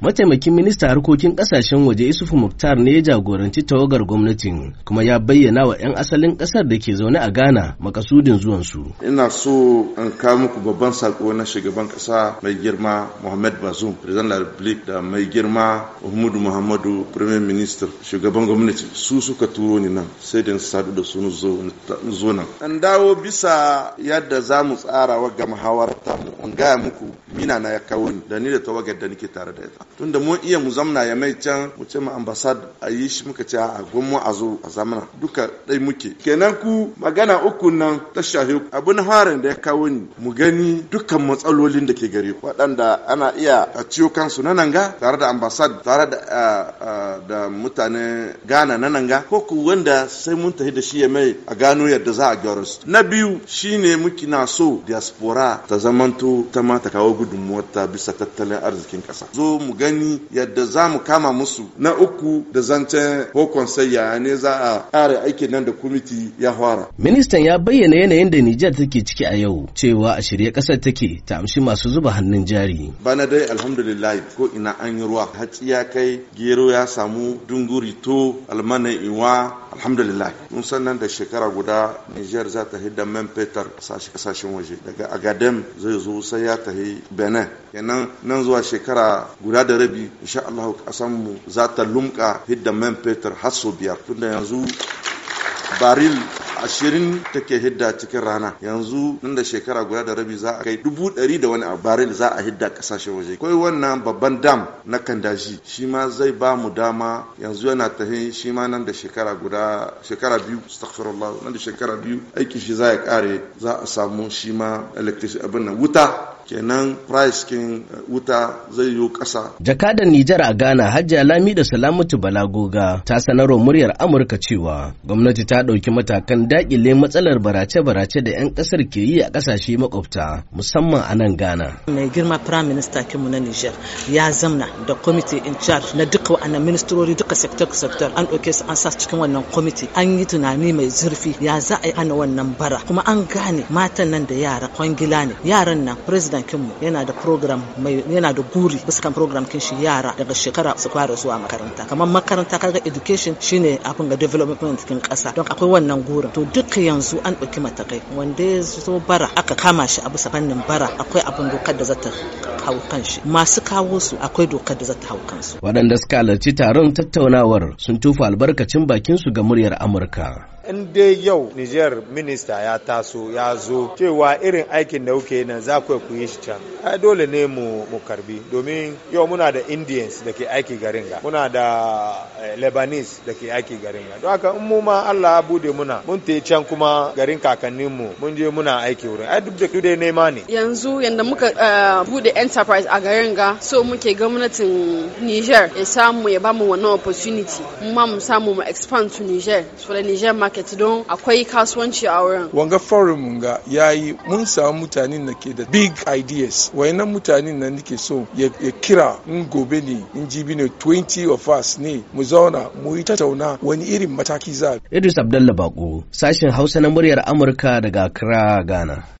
mataimakin minista harkokin kasashen waje isufu muktar ne ya jagoranci tawagar gwamnatin kuma ya bayyana wa 'yan asalin kasar da ke zaune a ghana makasudin zuwansu ina so in kawo muku babban sako na shugaban kasa mai girma Mohamed bazoum president la republic da mai girma muhammadu muhammadu premier minister shugaban gwamnati su suka turo ni nan sai da sadu da sun zo nan an dawo bisa yadda za mu tsara wa ga muhawarar tamu an gaya muku ina na ya kawo ni da ni da tawagar da nake tare da ita tunda mun iya mu zamna ya mai can mu ce ma ambassad a yi shi muka ce a gwamma a zo a zamana duka dai muke kenan ku magana uku nan ta shahe abin harin da ya kawo ni mu gani dukkan matsalolin da ke gare ku waɗanda ana iya a ciyo kansu na nanga tare da ambassad tare da da mutane gana na nanga ko ku wanda sai mun tafi da shi ya mai a gano yadda za a gyara su na biyu shine muke na so diaspora ta zamanto ta ma ta kawo gudunmuwarta bisa tattalin arzikin ƙasa zo mu gani yadda za mu kama musu na uku da zancen hokon sayya ne za a ƙara aikin nan da kwamiti ya fara ministan ya bayyana yanayin da nijar take ciki a yau cewa a shirye ƙasar take ta amshi masu zuba hannun jari bana dai alhamdulillah ko ina an yi ruwa hatsi ya kai gero ya samu dunguri to almanai iwa alhamdulillah mun san nan da shekara guda Niger za ta hidda man fetur kasashen waje daga Agadem zai zo sai ya tahi Benin kenan nan zuwa shekara guda da rabi insha Allah kasan mu za ta lumka hidda man fetur har biyar tunda yanzu baril ashirin take hidda cikin rana yanzu nan da shekara guda da rabi za a kai dubu ɗari da wani abarin za a hidda ƙasashen waje kai wannan babban dam na kandaji shi ma zai ba mu dama yanzu yana tafi shi ma nan da shekara guda shekara biyu astaghfirullah nan da shekara biyu aiki shi za ya kare za a samu shi ma abin nan wuta kenan price kin eh, wuta zai yi kasa Jakadan Nijar a Ghana Hajji Lami da Salamatu Balagoga ta sanarwa muryar Amurka cewa gwamnati ta ɗauki matakan dakile matsalar barace-barace da 'yan ƙasar ke yi a ƙasashe makwabta musamman a nan Ghana. Mai girma Prime Minister kinmu na Nijar ya zamna da kwamiti in charge na duka wa'annan ministrori duka sektor-sektor an ɗauke su an sa cikin wannan kwamiti an yi tunani mai zurfi ya za a yi ana wannan bara kuma an gane matan nan da yara kwangila ne yaran nan president kinmu yana da program mai yana da guri bisa kan program kin shi yara daga shekara su fara zuwa makaranta kamar makaranta kaga education shine abin ga development kin kasa don akwai wannan gurin to duk yanzu an ɗauki matakai wanda ya zo bara aka kama shi a bisa fannin bara akwai abin dokar da zata hau kanshi masu kawo su akwai dokar da za ta hau kansu waɗanda suka halarci taron tattaunawar sun tufa albarkacin bakin su ga muryar amurka in dai yau Niger minista ya taso ya zo cewa irin aikin da kuke nan za ku yi shi can ai dole ne mu karbi domin yau muna da Indians da ke aiki garin ga muna da eh, Lebanese da ke aiki garin ga don haka in mu ma Allah ya bude muna mun te can kuma garin kakannin mu mun je muna aiki wurin ai duk da ne nema ne yanzu yanda muka eh, bude yan enterprise a garin ga so muke gwamnatin Niger ya samu ya bamu wannan opportunity mu mu samu mu expand to Niger so da Niger market don akwai kasuwanci a wurin wanga forum ga yayi mun samu mutanen da ke da big ideas wayannan mutanen nan nake so ya kira in gobe ne in jibi ne 20 of us ne mu zauna mu yi tattauna wani irin mataki za Idris Abdallah Bako sashen Hausa na muryar Amurka daga Accra Ghana